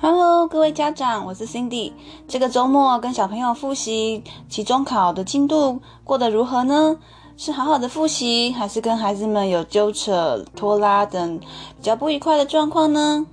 Hello，各位家長，我是 Cindy。這個周末跟小朋友複習期中考的進度過得如何呢？是好好的複習，還是跟孩子們有糾扯、拖拉等比較不愉快的狀況呢？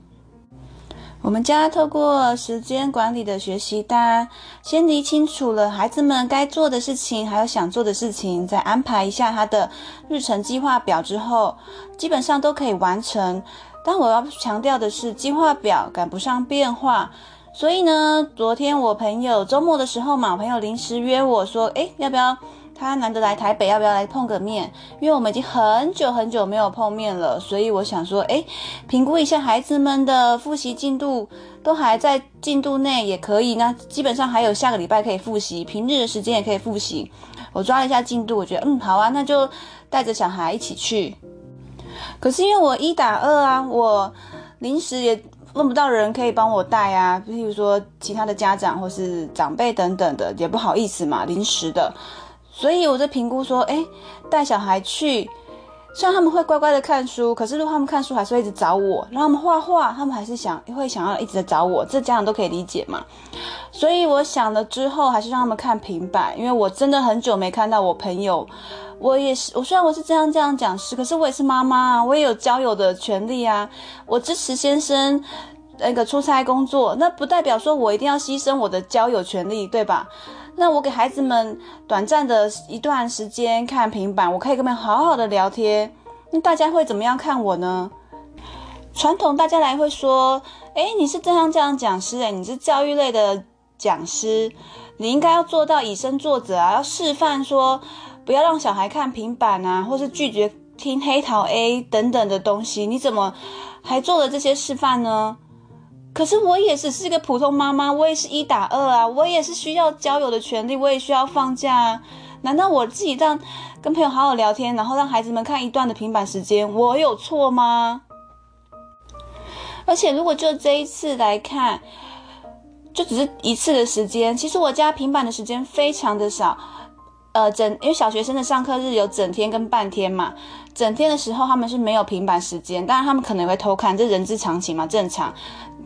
我們家透過時間管理的學習單，先理清楚了孩子們該做的事情，還有想做的事情，再安排一下他的日程計劃表之後，基本上都可以完成。但我要強調的是，計劃表趕不上變化。所以呢，昨天我朋友周末的時候嘛，我朋友臨時約我說，誒，要不要？他難得來台北，要不要來碰個面？因為我們已經很久很久沒有碰面了，所以我想說，誒，評估一下孩子們的複習進度，都還在進度內也可以。那基本上還有下個禮拜可以複習，平日的時間也可以複習。我抓了一下進度，我覺得，嗯，好啊，那就帶着小孩一起去。可是因為我一打二啊，我臨時也問不到人可以幫我帶啊，譬如說其他的家長或是長輩等等的，也不好意思嘛，臨時的，所以我就評估說，哎、欸，帶小孩去。雖然他們會乖乖的看書，可是如果他們看書還是會一直找我，讓他們畫畫，他們還是想會想要一直的找我，這家長都可以理解嘛。所以我想了之後，還是讓他們看平板，因為我真的很久沒看到我朋友。我也是，我雖然我是這樣這樣講師，可是我也是媽媽，我也有交友的權利啊。我支持先生那個出差工作，那不代表說我一定要犧牲我的交友權利，對吧？那我給孩子們短暫的一段時間看平板，我可以跟他們好好的聊天。那大家會怎麼樣看我呢？傳統大家來會說，哎，欸，你是正向教養講師，欸，誒你是教育類的講師，你應該要做到以身作則啊，要示範說不要讓小孩看平板啊，或是拒絕聽黑桃 A 等等的東西。你怎麼還做了這些示範呢？可是我也只是一個普通媽媽，我也是一打二啊，我也是需要交友的權利，我也需要放假啊。難道我自己讓跟朋友好好聊天，然後讓孩子們看一段的平板時間，我有錯嗎？而且如果就這一次來看，就只是一次的時間，其實我家平板的時間非常的少。呃，整因為小學生的上課日有整天跟半天嘛，整天的時候他們是沒有平板時間，當然他們可能會偷看，這人之常情嘛，正常。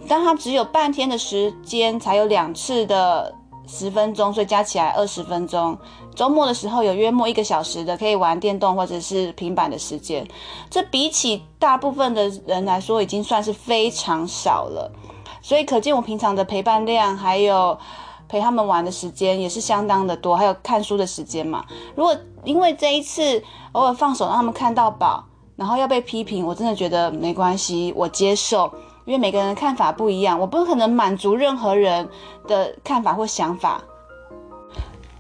當他只有半天的時間，才有兩次的十分鐘，所以加起來二十分鐘。周末的時候有約莫一個小時的可以玩電動或者是平板的時間，這比起大部分的人來說已經算是非常少了。所以可見我平常的陪伴量還有，陪他們玩的時間也是相當的多，還有看書的時間嘛。如果因為這一次偶爾放手讓他們看到飽，然後要被批評，我真的覺得沒關係，我接受。因為每個人看法不一樣，我不可能滿足任何人的看法或想法。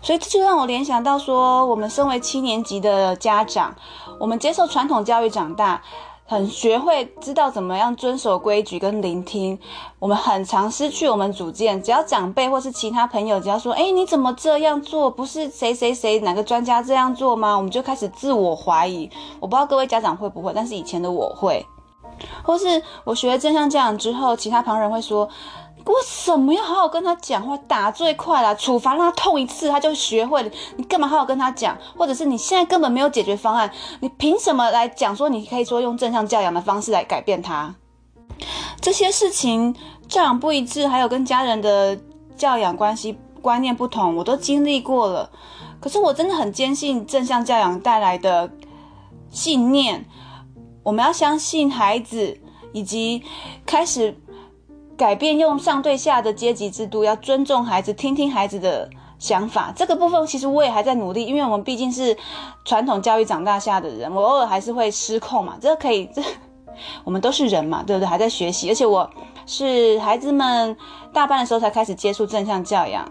所以這就讓我聯想到說，我們身為七年級的家長，我們接受傳統教育長大。很學會知道怎麼樣遵守規矩跟聆聽，我們很常失去我們主見。只要長輩或是其他朋友只要說，哎、欸，你怎麼這樣做？不是誰誰誰哪個專家這樣做嗎？我們就開始自我懷疑。我不知道各位家長會不會，但是以前的我會，或是我學了正向教養之後，其他旁人會說。我為什麼要好好跟他講話？打最快啦，啊，處罰讓他痛一次，他就學會了。你幹嘛好好跟他講？或者是你現在根本沒有解決方案，你憑什麼來講說你可以說用正向教養的方式來改變他？這些事情教養不一致，還有跟家人的教養關係觀念不同，我都經歷過了。可是我真的很堅信正向教養帶來的信念，我們要相信孩子，以及開始改變用上對下的階級制度，要尊重孩子，聽聽孩子的想法。這個部分其實我也還在努力，因為我們畢竟是傳統教育長大下的人，我偶爾還是會失控嘛。這可以，這我們都是人嘛，對不對？還在學習，而且我是孩子們大班的時候才開始接觸正向教養，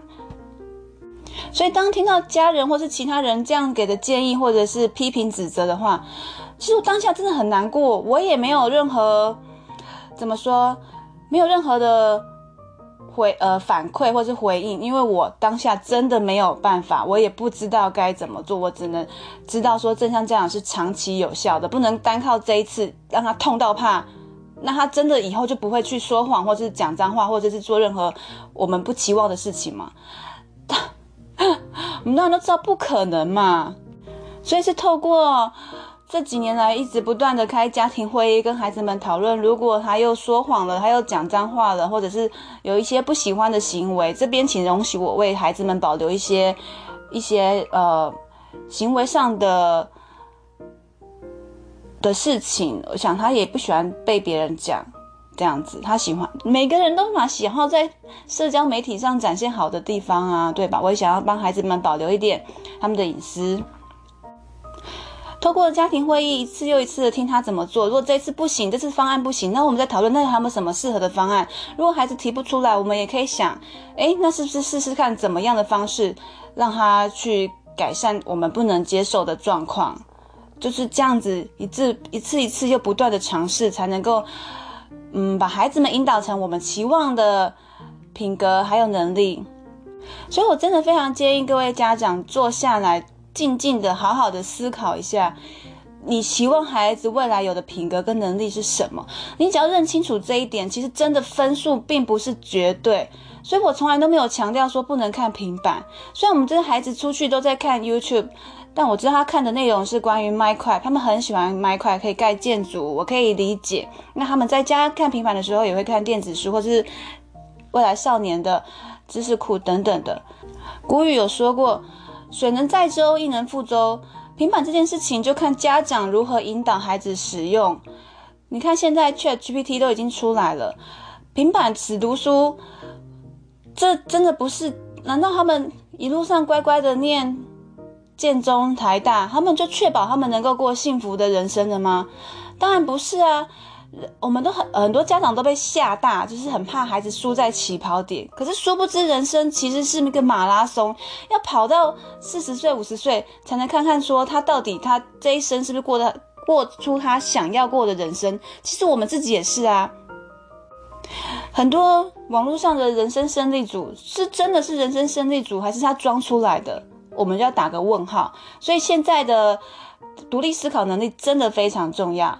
所以當聽到家人或是其他人這樣給的建議或者是批評指責的話，其實我當下真的很難過，我也沒有任何怎麼說。沒有任何的回呃反饋或是回應，因為我當下真的沒有辦法，我也不知道該怎麼做，我只能知道說正向教養是長期有效的，不能單靠這一次讓他痛到怕，那他真的以後就不會去說謊，或是講髒話，或者是做任何我們不期望的事情嘛？我們當然都知道不可能嘛，所以是透過。這幾年來一直不斷的開家庭會議，跟孩子們討論，如果他又說謊了，他又講髒話了，或者是有一些不喜歡的行為，這邊請容許我為孩子們保留一些，一些呃行為上的的事情。我想他也不喜歡被別人講這樣子，他喜歡每個人都蠻喜好在社交媒體上展現好的地方啊，對吧？我也想要幫孩子們保留一點他們的隱私。透過家庭會議一次又一次的聽他怎麼做，如果這一次不行，這次方案不行，那我們再討論，那他們什麼適合的方案？如果孩子提不出來，我們也可以想，哎，那是不是試試看怎麼樣的方式讓他去改善我們不能接受的狀況？就是這樣子一次一次一次又不斷的嘗試，才能夠嗯把孩子們引導成我們期望的品格還有能力。所以我真的非常建議各位家長坐下來。靜靜的，好好的思考一下，你希望孩子未來有的品格跟能力是什麼？你只要認清楚這一點，其實真的分數並不是絕對。所以我從來都沒有強調說不能看平板。雖然我們這些孩子出去都在看 YouTube，但我知道他看的內容是關於 Minecraft，他們很喜歡 Minecraft，可以蓋建築，我可以理解。那他們在家看平板的時候，也會看電子書或是未來少年的知識庫等等的。古語有說過。水能載舟，亦能覆舟。平板這件事情，就看家長如何引導孩子使用。你看，現在 ChatGPT 都已經出來了，平板只讀書，這真的不是？難道他們一路上乖乖的念，建中、台大，他們就確保他們能夠過幸福的人生了嗎？當然不是啊。我們都很，很多家長都被嚇大，就是很怕孩子輸在起跑點。可是殊不知，人生其實是一個馬拉松，要跑到四十歲、五十歲，才能看看說他到底他這一生是不是過得過出他想要過的人生。其實我們自己也是啊，很多網絡上的人生勝利組是真的是人生勝利組，還是他裝出來的？我們要打個問號。所以現在的獨立思考能力真的非常重要。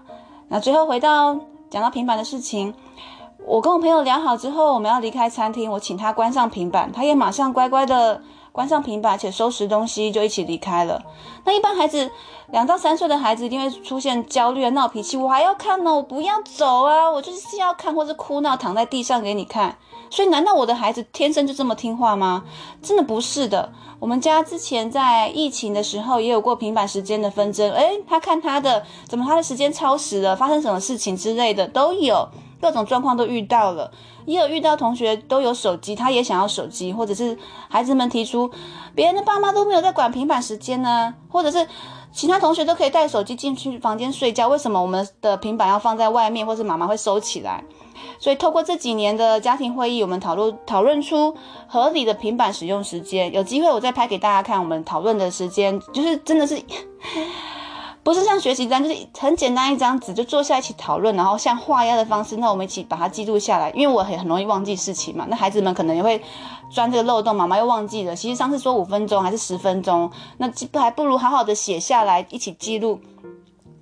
那最後回到講到平板的事情，我跟我朋友聊好之後，我們要離開餐廳，我請他關上平板，他也馬上乖乖的。關上平板，且收拾東西，就一起離開了。那一般孩子，兩到三歲的孩子，一定會出現焦慮啊、鬧脾氣。我還要看呢，我不要走啊，我就是要看，或是哭鬧，躺在地上給你看。所以，難道我的孩子天生就這麼聽話嗎？真的不是的。我們家之前在疫情的時候，也有過平板時間的紛爭。誒，他看他的，怎麼他的時間超時了？發生什麼事情之類的都有。各種狀況都遇到了，也有遇到同學都有手機，他也想要手機，或者是孩子們提出別人的爸媽都沒有在管平板時間呢、啊，或者是其他同學都可以帶手機進去房間睡覺，為什麼我們的平板要放在外面，或是媽媽會收起來？所以透過這幾年的家庭會議，我們討論討論出合理的平板使用時間。有機會我再拍給大家看，我們討論的時間就是真的是。 不是像學習單，就是很簡單一張紙，就坐下一起討論，然後像畫押的方式，那我們一起把它記錄下來。因為我很很容易忘記事情嘛，那孩子們可能也會鑽這個漏洞，媽媽又忘記了。其實上次說五分鐘還是十分鐘，那還不如好好的寫下來，一起記錄，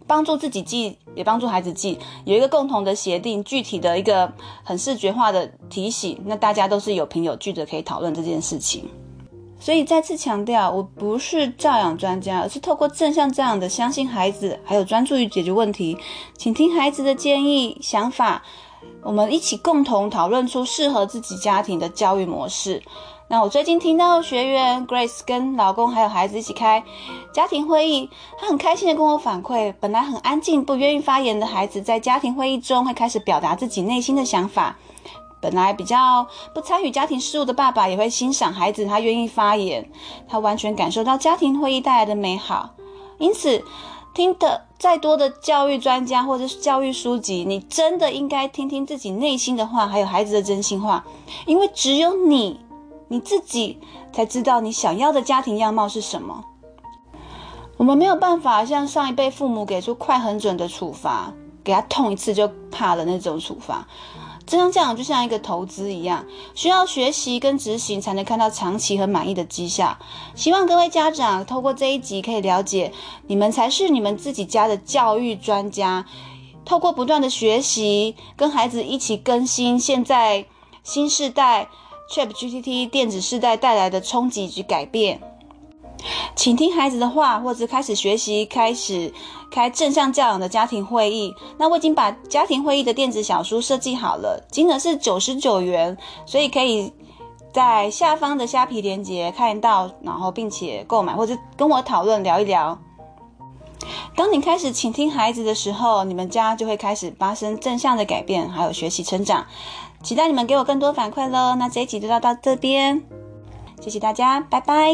幫助自己記，也幫助孩子記，有一個共同的協定，具體的一個很視覺化的提醒，那大家都是有憑有據的，可以討論這件事情。所以再次強調，我不是教養專家，而是透過正向教養的，相信孩子，還有專注於解決問題，請聽孩子的建議、想法，我們一起共同討論出適合自己家庭的教育模式。那我最近聽到學員 Grace 跟老公還有孩子一起開家庭會議，她很開心的跟我反饋，本來很安靜、不願意發言的孩子，在家庭會議中會開始表達自己內心的想法。本來比較不參與家庭事務的爸爸也會欣賞孩子，他願意發言，他完全感受到家庭會議帶來的美好。因此，聽得再多的教育專家或者是教育書籍，你真的應該聽聽自己內心的話，還有孩子的真心話，因為只有你你自己才知道你想要的家庭樣貌是什麼。我們沒有辦法像上一輩父母給出快狠準的處罰，給他痛一次就怕的那種處罰。正向教養就像一個投資一樣，需要學習跟執行才能看到長期和滿意的績效。希望各位家長透過這一集可以了解，你們才是你們自己家的教育專家。透過不斷的學習，跟孩子一起更新現在新世代、ChatGPT 電子世代帶來的衝擊與改變。請聽孩子的話，或者開始學習，開始開正向教養的家庭會議。那我已經把家庭會議的電子小書設計好了，金額是九十九元，所以可以在下方的蝦皮連結看到，然後並且購買或者跟我討論聊一聊。當你開始傾聽孩子的時候，你們家就會開始發生正向的改變，還有學習成長。期待你們給我更多反饋咯。那這一集就到到這邊，謝謝大家，拜拜。